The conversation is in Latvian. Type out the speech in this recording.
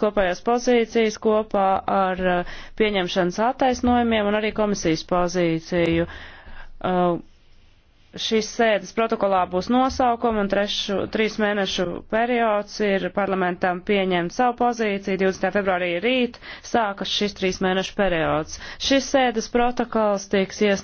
kopējās pozīcijas kopā ar uh, pieņemšanas attaisnojumiem un arī komisijas pozīciju. Uh, šīs sēdes protokolā būs nosaukumi un trešu, trīs mēnešu periods ir parlamentam pieņemt savu pozīciju. 20. februārī rīt sākas šis trīs mēnešu periods. Šis sēdes protokols tiks iesniegts.